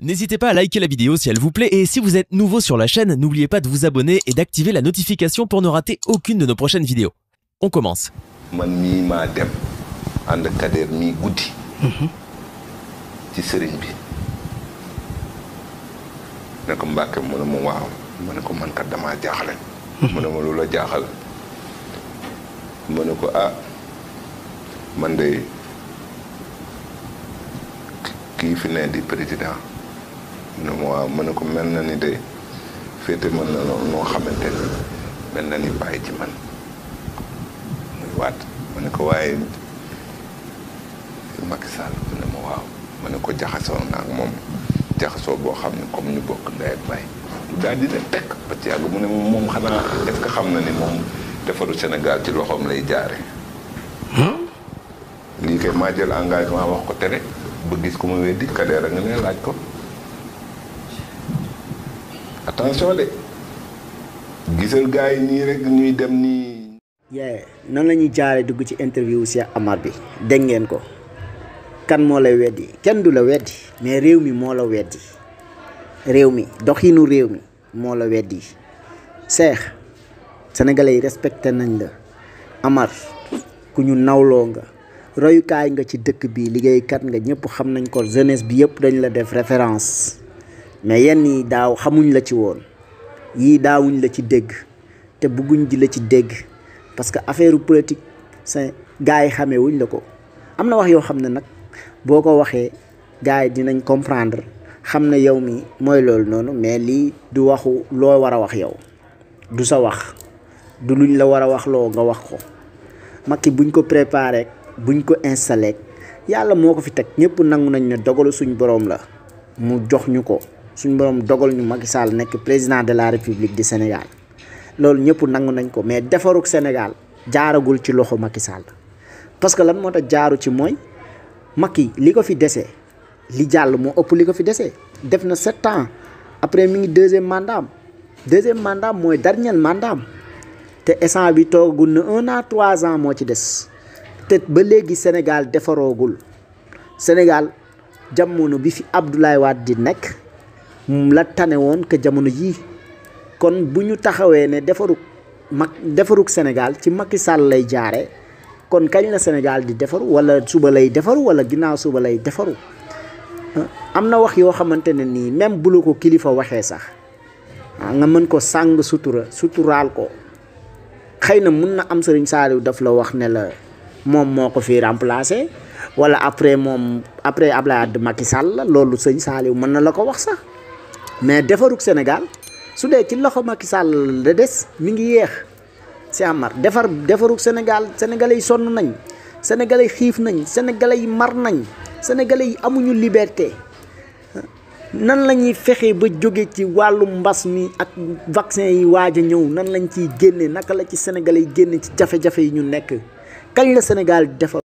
N'hésitez pas à liker la vidéo si elle vous plaît et si vous êtes nouveau sur la chaîne, n'oubliez pas de vous abonner et d'activer la notification pour ne rater aucune de nos prochaines vidéos. On commence. ne ma waaw ma ne ko mel na ni de féete mën na noo xamante ni mel na ni bàyyi ci man muy waat ma ne ko waaye Macky Sall mu ne ma waaw ma ne ko jaxasoo na ak moom jaxasoo boo xam ne comme ñu bokk ndey ak baay daal di ne tekk ba ci yàgg mu ne moom xanaa est-ce que xam na ni moom defaru Sénégal ci loxoom lay jaare hmm? lii kay maa jël engagement wax ko tere ba gis ko ma weddi kadeer a nga ne laaj ko attention de gisal gars nii rek ñuy dem nii. nan la ñuy jaaree dugg ci interview Cheikh Amar bi dégg ngeen ko kan moo la weddi kenn du la weddi mais réew mi moo la weddi réew mi doxinu réew mi moo la weddi Cheikh yi respecté nañ la Amar ku ñu nawloo nga royukaay nga ci dëkk bi liggéeykat nga ñëpp xam nañ ko jeunesse bi yëpp dañu la def référence. mais yenn yi daaw xamuñ la ci woon yii daawuñ la ci dégg te bëgguñ di la ci dégg parce que affaire politique c'est gars yi xamee wuñ la ko am na wax yoo xam ne nag boo ko waxee gars yi dinañ comprendre xam na yow mi mooy loolu noonu mais lii du waxu loo war a wax yow du sa wax du luñ la war a wax loo nga wax ko mag Macky buñ ko préparé buñ ko installé yàlla moo ko fi teg ñëpp nangu nañ ne dogalu suñ boroom la mu jox ñu ko suñ borom dogal ñu Macky Sall nekk président de la république du Sénégal loolu ñëpp nangu nañ ko mais defarug Sénégal jaaragul ci loxo Macky Sall parce que lan moo tax jaaru ci mooy Macky li ko fi dese li jàll moo ëpp li ko fi desee def na sept ans après mi ngi deuxième mandat am deuxième am mooy dernier mandat am te instant bi toogagul na un an trois ans moo ci des te ba léegi Sénégal defaroogul Sénégal jamono bi fi Abdoulaye waat di nekk. la tane won ke jamono yi kon buñu taxawé né défaruk mak défaruk Sénégal ci Macky Sall lay kon kañ la Sénégal di defaru wala suba lay defaru wala ginaaw suba lay defaru ah, amna wax yo xamantene ni même bu lu ko kilifa waxé sax ah, nga mën ko sang sutura sutural ko xeyna mën na am Serigne saliw daf la wax né la mom moko fi remplacer wala après mom après Abdoulaye Wade Macky Sall loolu Serigne saliw mën na la ko wax sax mais defarug Sénégal su dee ci loxo Macky Sall da des mi ngi yéex si Amar defar defarug Sénégal sénégalais yi sonn nañ sénégalais yi xiif nañ sénégalais yi mar nañ sénégalais yi amuñu liberté nan la ñuy fexe ba jóge ci wàllu mbas mi ak vaccin yi waaj a ñëw nan lañ ciy génne naka la ci sénégalais yi génne ci jafe-jafe yi ñu nekk kañ la Sénégal defar.